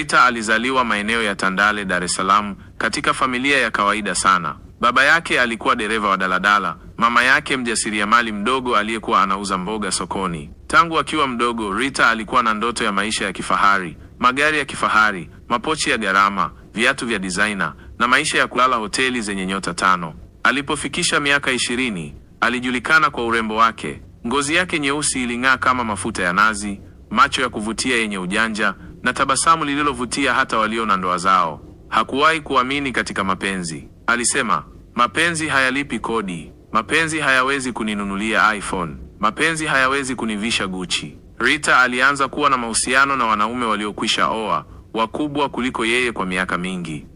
Rita alizaliwa maeneo ya Tandale, Dar es Salaam, katika familia ya kawaida sana. Baba yake alikuwa dereva wa daladala, mama yake mjasiriamali mdogo aliyekuwa anauza mboga sokoni. Tangu akiwa mdogo, Rita alikuwa na ndoto ya maisha ya kifahari, magari ya kifahari, mapochi ya gharama, viatu vya designer na maisha ya kulala hoteli zenye nyota tano. Alipofikisha miaka ishirini, alijulikana kwa urembo wake. Ngozi yake nyeusi iling'aa kama mafuta ya nazi, macho ya kuvutia yenye ujanja na tabasamu lililovutia hata walio na ndoa zao. Hakuwahi kuamini katika mapenzi. Alisema, mapenzi hayalipi kodi, mapenzi hayawezi kuninunulia iPhone, mapenzi hayawezi kunivisha Gucci. Rita alianza kuwa na mahusiano na wanaume waliokwisha oa, wakubwa kuliko yeye kwa miaka mingi.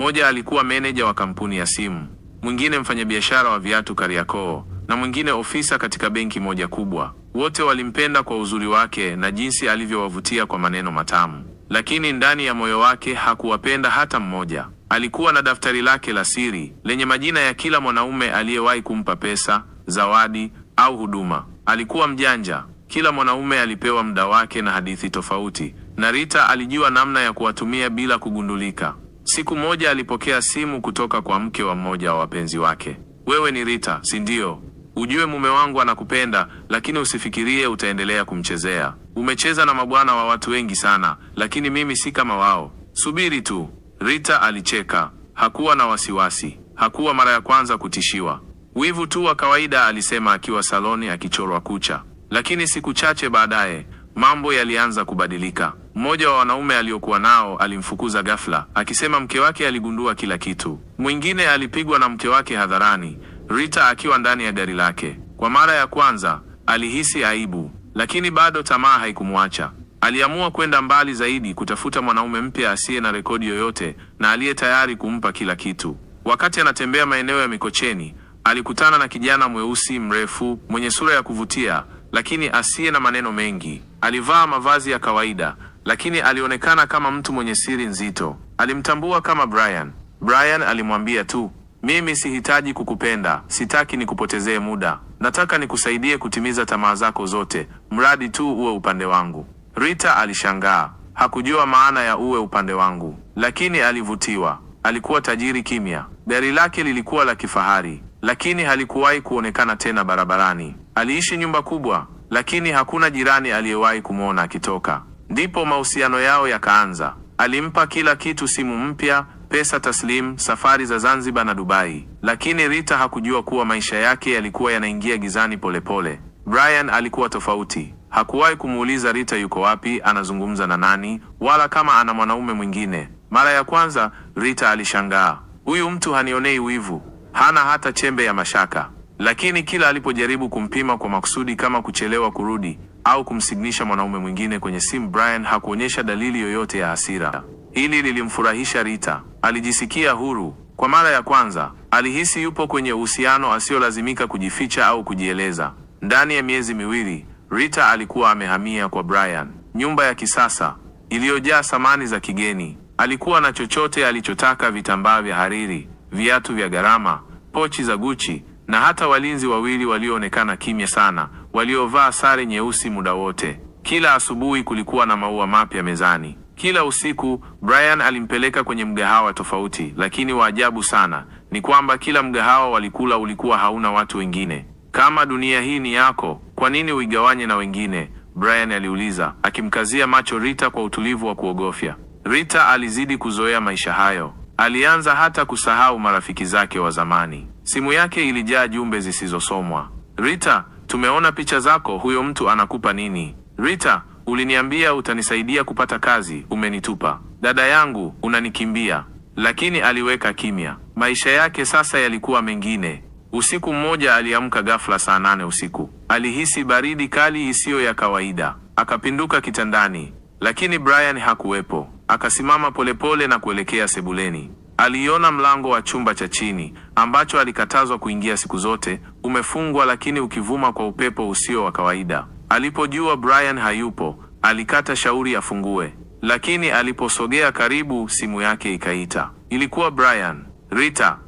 Mmoja alikuwa meneja wa kampuni ya simu, mwingine mfanyabiashara wa viatu Kariakoo, na mwingine ofisa katika benki moja kubwa. Wote walimpenda kwa uzuri wake na jinsi alivyowavutia kwa maneno matamu, lakini ndani ya moyo wake hakuwapenda hata mmoja. Alikuwa na daftari lake la siri lenye majina ya kila mwanaume aliyewahi kumpa pesa, zawadi au huduma. Alikuwa mjanja. Kila mwanaume alipewa muda wake na hadithi tofauti, na Rita alijua namna ya kuwatumia bila kugundulika. Siku moja alipokea simu kutoka kwa mke wa mmoja wa wapenzi wake. Wewe ni Rita, si ndio? Ujue mume wangu anakupenda, lakini usifikirie utaendelea kumchezea. Umecheza na mabwana wa watu wengi sana, lakini mimi si kama wao. Subiri tu. Rita alicheka, hakuwa na wasiwasi, hakuwa mara ya kwanza kutishiwa. Wivu tu wa kawaida, alisema akiwa saloni akichorwa kucha. Lakini siku chache baadaye mambo yalianza kubadilika. Mmoja wa wanaume aliokuwa nao alimfukuza ghafla, akisema mke wake aligundua kila kitu. Mwingine alipigwa na mke wake hadharani, Rita akiwa ndani ya gari lake. Kwa mara ya kwanza alihisi aibu, lakini bado tamaa haikumwacha. Aliamua kwenda mbali zaidi, kutafuta mwanaume mpya asiye na rekodi yoyote na aliye tayari kumpa kila kitu. Wakati anatembea maeneo ya Mikocheni, alikutana na kijana mweusi mrefu mwenye sura ya kuvutia, lakini asiye na maneno mengi. Alivaa mavazi ya kawaida, lakini alionekana kama mtu mwenye siri nzito. Alimtambua kama Brian. Brian alimwambia tu mimi sihitaji kukupenda, sitaki nikupotezee muda, nataka nikusaidie kutimiza tamaa zako zote, mradi tu uwe upande wangu. Rita alishangaa, hakujua maana ya uwe upande wangu, lakini alivutiwa. Alikuwa tajiri kimya, gari lake lilikuwa la kifahari, lakini halikuwahi kuonekana tena barabarani. Aliishi nyumba kubwa, lakini hakuna jirani aliyewahi kumwona akitoka. Ndipo mahusiano yao yakaanza. Alimpa kila kitu, simu mpya pesa taslim, safari za Zanzibar na Dubai. Lakini Rita hakujua kuwa maisha yake yalikuwa yanaingia gizani polepole pole. Brian alikuwa tofauti. Hakuwahi kumuuliza Rita yuko wapi, anazungumza na nani, wala kama ana mwanaume mwingine. Mara ya kwanza Rita alishangaa, huyu mtu hanionei wivu, hana hata chembe ya mashaka. Lakini kila alipojaribu kumpima kwa makusudi, kama kuchelewa kurudi au kumsignisha mwanaume mwingine kwenye simu, Brian hakuonyesha dalili yoyote ya hasira. Hili lilimfurahisha Rita. Alijisikia huru kwa mara ya kwanza. Alihisi yupo kwenye uhusiano asiyolazimika kujificha au kujieleza. Ndani ya miezi miwili, Rita alikuwa amehamia kwa Brian, nyumba ya kisasa iliyojaa samani za kigeni. Alikuwa na chochote alichotaka: vitambaa vya hariri, viatu vya gharama, pochi za Gucci na hata walinzi wawili walioonekana kimya sana, waliovaa sare nyeusi muda wote. Kila asubuhi kulikuwa na maua mapya mezani. Kila usiku Brian alimpeleka kwenye mgahawa tofauti, lakini wa ajabu sana ni kwamba kila mgahawa walikula ulikuwa hauna watu wengine. Kama dunia hii ni yako, kwa nini uigawanye na wengine? Brian aliuliza, akimkazia macho Rita kwa utulivu wa kuogofya. Rita alizidi kuzoea maisha hayo, alianza hata kusahau marafiki zake wa zamani. Simu yake ilijaa jumbe zisizosomwa. Rita, tumeona picha zako, huyo mtu anakupa nini? Rita, Uliniambia utanisaidia kupata kazi, umenitupa. Dada yangu unanikimbia. Lakini aliweka kimya. Maisha yake sasa yalikuwa mengine. Usiku mmoja aliamka ghafla saa nane usiku. Alihisi baridi kali isiyo ya kawaida. Akapinduka kitandani, lakini Brian hakuwepo. Akasimama polepole na kuelekea sebuleni. Aliona mlango wa chumba cha chini ambacho alikatazwa kuingia siku zote, umefungwa lakini ukivuma kwa upepo usio wa kawaida. Alipojua Brian hayupo, alikata shauri afungue, lakini aliposogea karibu, simu yake ikaita. Ilikuwa Brian. Rita,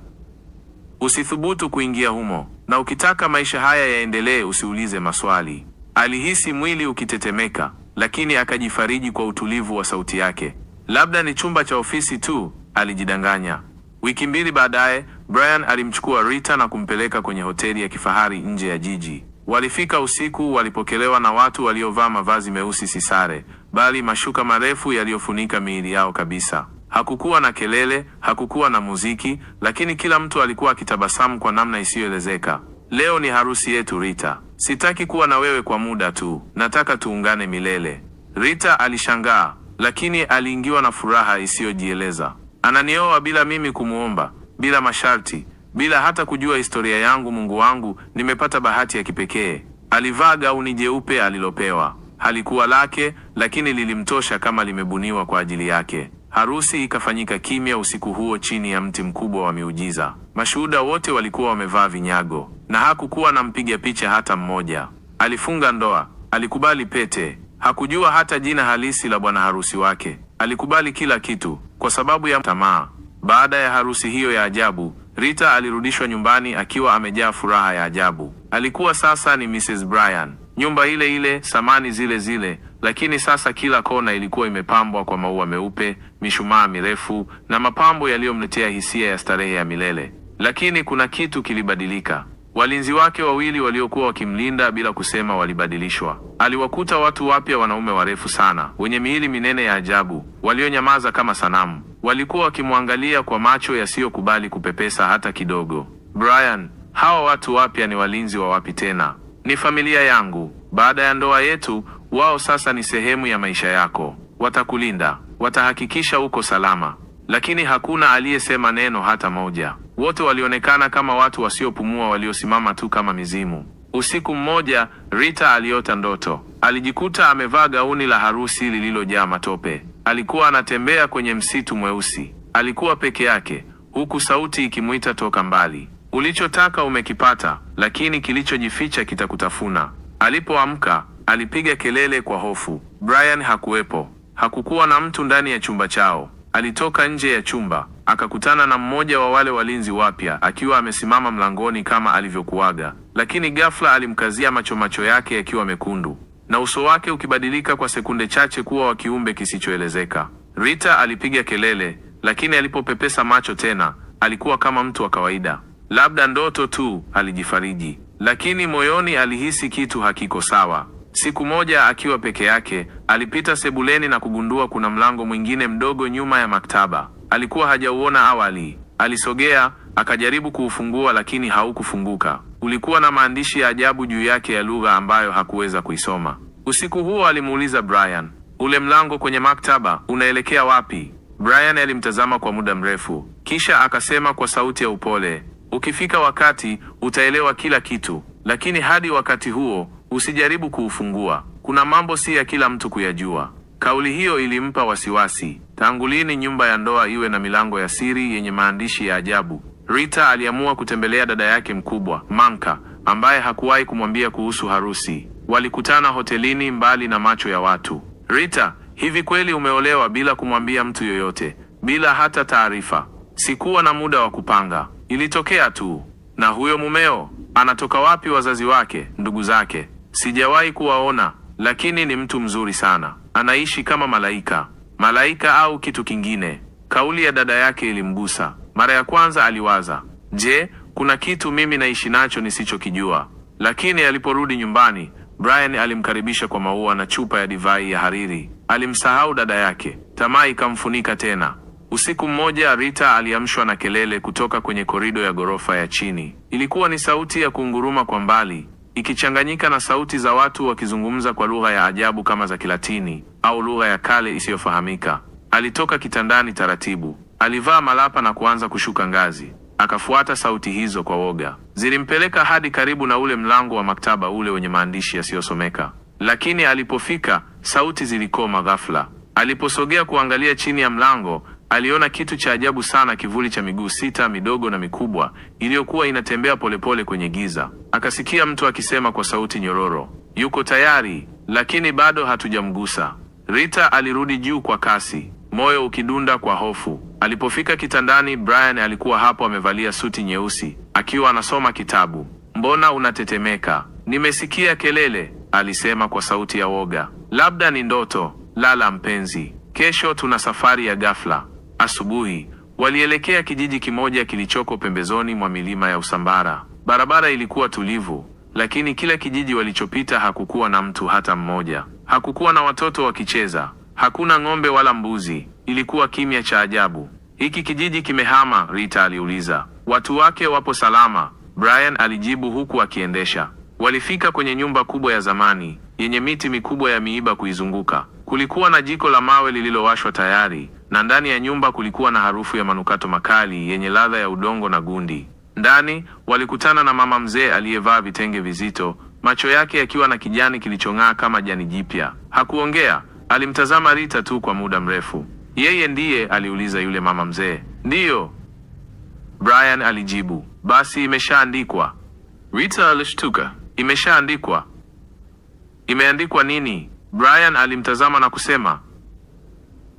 usithubutu kuingia humo, na ukitaka maisha haya yaendelee, usiulize maswali. Alihisi mwili ukitetemeka, lakini akajifariji kwa utulivu wa sauti yake. Labda ni chumba cha ofisi tu, alijidanganya. Wiki mbili baadaye, Brian alimchukua Rita na kumpeleka kwenye hoteli ya kifahari nje ya jiji. Walifika usiku, walipokelewa na watu waliovaa mavazi meusi, si sare, bali mashuka marefu yaliyofunika miili yao kabisa. Hakukuwa na kelele, hakukuwa na muziki, lakini kila mtu alikuwa akitabasamu kwa namna isiyoelezeka. Leo ni harusi yetu Rita, sitaki kuwa na wewe kwa muda tu, nataka tuungane milele. Rita alishangaa, lakini aliingiwa na furaha isiyojieleza. Ananioa bila mimi kumwomba, bila masharti, bila hata kujua historia yangu, Mungu wangu, nimepata bahati ya kipekee. Alivaa gauni jeupe alilopewa, halikuwa lake, lakini lilimtosha kama limebuniwa kwa ajili yake. Harusi ikafanyika kimya usiku huo chini ya mti mkubwa wa miujiza. Mashuhuda wote walikuwa wamevaa vinyago na hakukuwa na mpiga picha hata mmoja. Alifunga ndoa, alikubali pete, hakujua hata jina halisi la bwana harusi wake. Alikubali kila kitu kwa sababu ya tamaa. Baada ya harusi hiyo ya ajabu, Rita alirudishwa nyumbani akiwa amejaa furaha ya ajabu. Alikuwa sasa ni Mrs. brian nyumba ile ile, samani zile zile, lakini sasa kila kona ilikuwa imepambwa kwa maua meupe, mishumaa mirefu na mapambo yaliyomletea hisia ya starehe ya milele. Lakini kuna kitu kilibadilika. Walinzi wake wawili waliokuwa wakimlinda bila kusema walibadilishwa. Aliwakuta watu wapya, wanaume warefu sana wenye miili minene ya ajabu, walionyamaza kama sanamu. Walikuwa wakimwangalia kwa macho yasiyokubali kupepesa hata kidogo. Brian, hawa watu wapya ni walinzi wa wapi tena? Ni familia yangu. Baada ya ndoa yetu, wao sasa ni sehemu ya maisha yako. Watakulinda, watahakikisha uko salama. Lakini hakuna aliyesema neno hata moja. Wote walionekana kama watu wasiopumua waliosimama tu kama mizimu. Usiku mmoja, Rita aliota ndoto. Alijikuta amevaa gauni la harusi lililojaa matope. Alikuwa anatembea kwenye msitu mweusi. Alikuwa peke yake, huku sauti ikimwita toka mbali, ulichotaka umekipata, lakini kilichojificha kitakutafuna. Alipoamka alipiga kelele kwa hofu. Brian hakuwepo. Hakukuwa na mtu ndani ya chumba chao. Alitoka nje ya chumba akakutana na mmoja wa wale walinzi wapya akiwa amesimama mlangoni kama alivyokuaga, lakini ghafla alimkazia macho macho yake yakiwa mekundu na uso wake ukibadilika kwa sekunde chache kuwa wa kiumbe kisichoelezeka. Rita alipiga kelele, lakini alipopepesa macho tena alikuwa kama mtu wa kawaida. Labda ndoto tu, alijifariji, lakini moyoni alihisi kitu hakiko sawa. Siku moja akiwa peke yake, alipita sebuleni na kugundua kuna mlango mwingine mdogo nyuma ya maktaba alikuwa hajauona awali. Alisogea akajaribu kuufungua, lakini haukufunguka. Ulikuwa na maandishi ya ajabu juu yake ya lugha ambayo hakuweza kuisoma. Usiku huo alimuuliza Brian, ule mlango kwenye maktaba unaelekea wapi? Brian alimtazama kwa muda mrefu, kisha akasema kwa sauti ya upole, ukifika wakati utaelewa kila kitu, lakini hadi wakati huo usijaribu kuufungua. Kuna mambo si ya kila mtu kuyajua. Kauli hiyo ilimpa wasiwasi. Tangu lini nyumba ya ndoa iwe na milango ya siri yenye maandishi ya ajabu? Rita aliamua kutembelea dada yake mkubwa Manka, ambaye hakuwahi kumwambia kuhusu harusi. Walikutana hotelini, mbali na macho ya watu. Rita, hivi kweli umeolewa bila kumwambia mtu yoyote, bila hata taarifa? Sikuwa na muda wa kupanga, ilitokea tu. Na huyo mumeo anatoka wapi? Wazazi wake, ndugu zake? Sijawahi kuwaona, lakini ni mtu mzuri sana. Anaishi kama malaika, malaika au kitu kingine. Kauli ya dada yake ilimgusa. Mara ya kwanza aliwaza, je, kuna kitu mimi naishi nacho nisichokijua? Lakini aliporudi nyumbani, Brian alimkaribisha kwa maua na chupa ya divai ya hariri. Alimsahau dada yake, tamaa ikamfunika tena. Usiku mmoja Rita aliamshwa na kelele kutoka kwenye korido ya ghorofa ya chini. Ilikuwa ni sauti ya kunguruma kwa mbali ikichanganyika na sauti za watu wakizungumza kwa lugha ya ajabu kama za Kilatini au lugha ya kale isiyofahamika. Alitoka kitandani taratibu, alivaa malapa na kuanza kushuka ngazi. Akafuata sauti hizo kwa woga. Zilimpeleka hadi karibu na ule mlango wa maktaba ule wenye maandishi yasiyosomeka, lakini alipofika sauti zilikoma ghafla. Aliposogea kuangalia chini ya mlango, Aliona kitu cha ajabu sana, kivuli cha miguu sita midogo na mikubwa iliyokuwa inatembea polepole kwenye giza. Akasikia mtu akisema kwa sauti nyororo, yuko tayari, lakini bado hatujamgusa. Rita alirudi juu kwa kasi, moyo ukidunda kwa hofu. Alipofika kitandani, Brian alikuwa hapo, amevalia suti nyeusi akiwa anasoma kitabu. Mbona unatetemeka? Nimesikia kelele, alisema kwa sauti ya woga. Labda ni ndoto. Lala mpenzi, kesho tuna safari ya ghafla. Asubuhi walielekea kijiji kimoja kilichoko pembezoni mwa milima ya Usambara. Barabara ilikuwa tulivu, lakini kila kijiji walichopita hakukuwa na mtu hata mmoja. Hakukuwa na watoto wakicheza, hakuna ng'ombe wala mbuzi. Ilikuwa kimya cha ajabu. Hiki kijiji kimehama? Rita aliuliza. Watu wake wapo salama, Brian alijibu huku akiendesha Walifika kwenye nyumba kubwa ya zamani yenye miti mikubwa ya miiba kuizunguka. Kulikuwa na jiko la mawe lililowashwa tayari, na ndani ya nyumba kulikuwa na harufu ya manukato makali yenye ladha ya udongo na gundi. Ndani walikutana na mama mzee aliyevaa vitenge vizito, macho yake yakiwa na kijani kilichong'aa kama jani jipya. Hakuongea, alimtazama Rita tu kwa muda mrefu. Yeye ndiye aliuliza yule mama mzee. Ndiyo, Brian alijibu. Basi imeshaandikwa. Rita alishtuka. Imeshaandikwa. Imeandikwa nini? Brian alimtazama na kusema,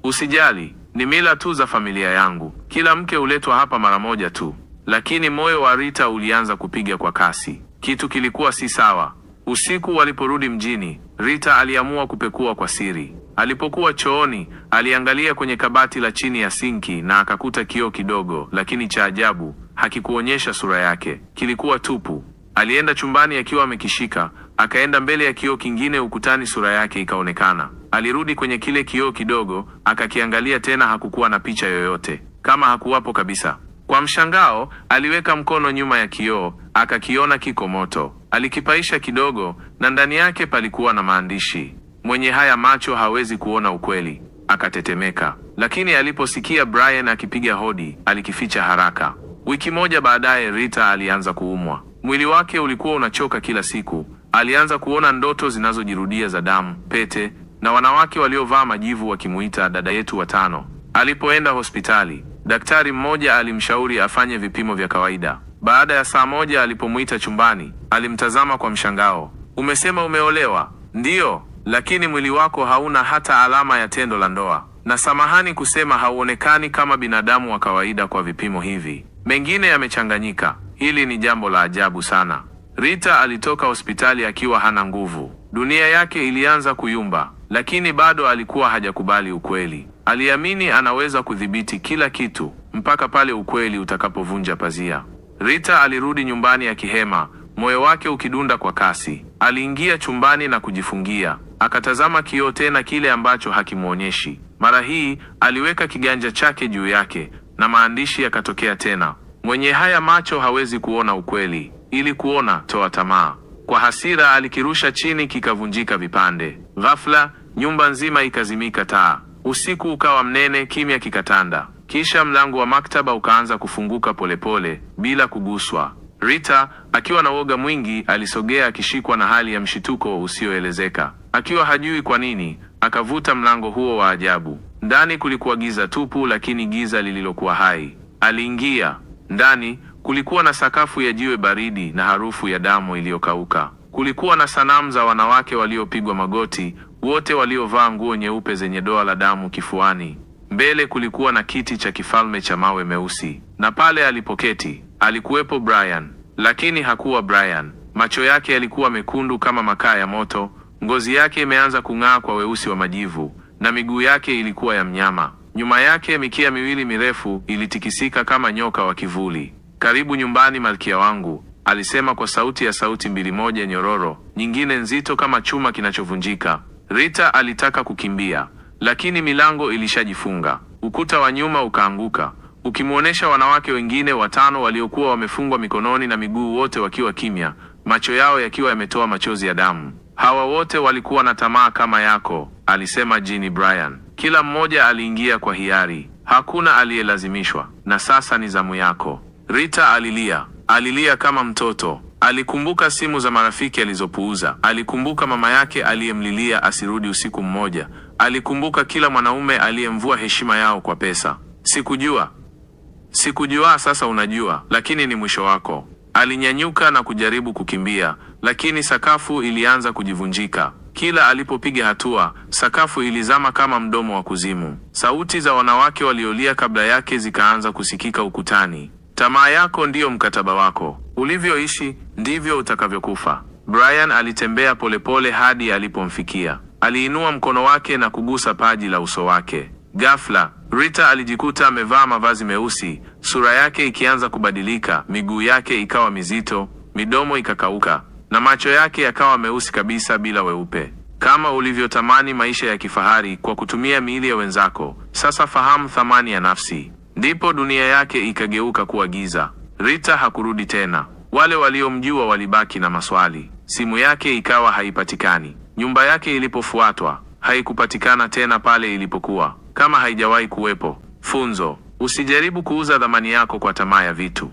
usijali, ni mila tu za familia yangu. Kila mke huletwa hapa mara moja tu. Lakini moyo wa Rita ulianza kupiga kwa kasi. Kitu kilikuwa si sawa. Usiku waliporudi mjini, Rita aliamua kupekua kwa siri. Alipokuwa chooni, aliangalia kwenye kabati la chini ya sinki na akakuta kioo kidogo, lakini cha ajabu, hakikuonyesha sura yake. Kilikuwa tupu. Alienda chumbani akiwa amekishika, akaenda mbele ya kioo kingine ukutani, sura yake ikaonekana. Alirudi kwenye kile kioo kidogo, akakiangalia tena, hakukuwa na picha yoyote, kama hakuwapo kabisa. Kwa mshangao, aliweka mkono nyuma ya kioo, akakiona kiko moto. Alikipaisha kidogo, na ndani yake palikuwa na maandishi: mwenye haya macho hawezi kuona ukweli. Akatetemeka, lakini aliposikia Brian akipiga hodi, alikificha haraka. Wiki moja baadaye, Rita alianza kuumwa. Mwili wake ulikuwa unachoka kila siku. Alianza kuona ndoto zinazojirudia za damu, pete na wanawake waliovaa majivu wakimuita dada yetu watano. Alipoenda hospitali, daktari mmoja alimshauri afanye vipimo vya kawaida. Baada ya saa moja alipomuita chumbani, alimtazama kwa mshangao. Umesema umeolewa? Ndiyo, lakini mwili wako hauna hata alama ya tendo la ndoa, na samahani kusema, hauonekani kama binadamu wa kawaida kwa vipimo hivi. Mengine yamechanganyika. Hili ni jambo la ajabu sana. Rita alitoka hospitali akiwa hana nguvu. Dunia yake ilianza kuyumba, lakini bado alikuwa hajakubali ukweli. Aliamini anaweza kudhibiti kila kitu mpaka pale ukweli utakapovunja pazia. Rita alirudi nyumbani akihema, moyo wake ukidunda kwa kasi. Aliingia chumbani na kujifungia, akatazama kioo tena, kile ambacho hakimwonyeshi. Mara hii aliweka kiganja chake juu yake na maandishi yakatokea tena. Mwenye haya macho hawezi kuona ukweli, ili kuona toa tamaa. Kwa hasira alikirusha chini, kikavunjika vipande. Ghafla nyumba nzima ikazimika taa, usiku ukawa mnene, kimya kikatanda. Kisha mlango wa maktaba ukaanza kufunguka polepole pole, bila kuguswa. Rita akiwa na woga mwingi alisogea, akishikwa na hali ya mshituko usioelezeka, akiwa hajui kwa nini akavuta mlango huo wa ajabu. Ndani kulikuwa giza tupu, lakini giza lililokuwa hai. Aliingia, ndani kulikuwa na sakafu ya jiwe baridi na harufu ya damu iliyokauka. Kulikuwa na sanamu za wanawake waliopigwa magoti, wote waliovaa nguo nyeupe zenye doa la damu kifuani. Mbele kulikuwa na kiti cha kifalme cha mawe meusi, na pale alipoketi alikuwepo Brian, lakini hakuwa Brian. Macho yake yalikuwa mekundu kama makaa ya moto, ngozi yake imeanza kung'aa kwa weusi wa majivu, na miguu yake ilikuwa ya mnyama. Nyuma yake mikia miwili mirefu ilitikisika kama nyoka wa kivuli. Karibu nyumbani, malkia wangu, alisema kwa sauti ya sauti mbili, moja nyororo, nyingine nzito kama chuma kinachovunjika. Rita alitaka kukimbia, lakini milango ilishajifunga. Ukuta wa nyuma ukaanguka ukimwonyesha wanawake wengine watano waliokuwa wamefungwa mikononi na miguu, wote wakiwa kimya, macho yao yakiwa yametoa machozi ya damu. Hawa wote walikuwa na tamaa kama yako, alisema Jini Brian. Kila mmoja aliingia kwa hiari, hakuna aliyelazimishwa. Na sasa ni zamu yako. Rita alilia, alilia kama mtoto. Alikumbuka simu za marafiki alizopuuza, alikumbuka mama yake aliyemlilia asirudi usiku mmoja, alikumbuka kila mwanaume aliyemvua heshima yao kwa pesa. Sikujua, sikujua. Sasa unajua, lakini ni mwisho wako. Alinyanyuka na kujaribu kukimbia, lakini sakafu ilianza kujivunjika. Kila alipopiga hatua, sakafu ilizama kama mdomo wa kuzimu. Sauti za wanawake waliolia kabla yake zikaanza kusikika ukutani. Tamaa yako ndiyo mkataba wako, ulivyoishi ndivyo utakavyokufa. Brian alitembea polepole hadi alipomfikia. Aliinua mkono wake na kugusa paji la uso wake. Ghafla, Rita alijikuta amevaa mavazi meusi, sura yake ikianza kubadilika, miguu yake ikawa mizito, midomo ikakauka na macho yake yakawa meusi kabisa bila weupe. Kama ulivyotamani maisha ya kifahari kwa kutumia miili ya wenzako, sasa fahamu thamani ya nafsi. Ndipo dunia yake ikageuka kuwa giza. Rita hakurudi tena. Wale waliomjua walibaki na maswali. Simu yake ikawa haipatikani. Nyumba yake ilipofuatwa haikupatikana tena pale ilipokuwa, kama haijawahi kuwepo. Funzo: usijaribu kuuza thamani yako kwa tamaa ya vitu.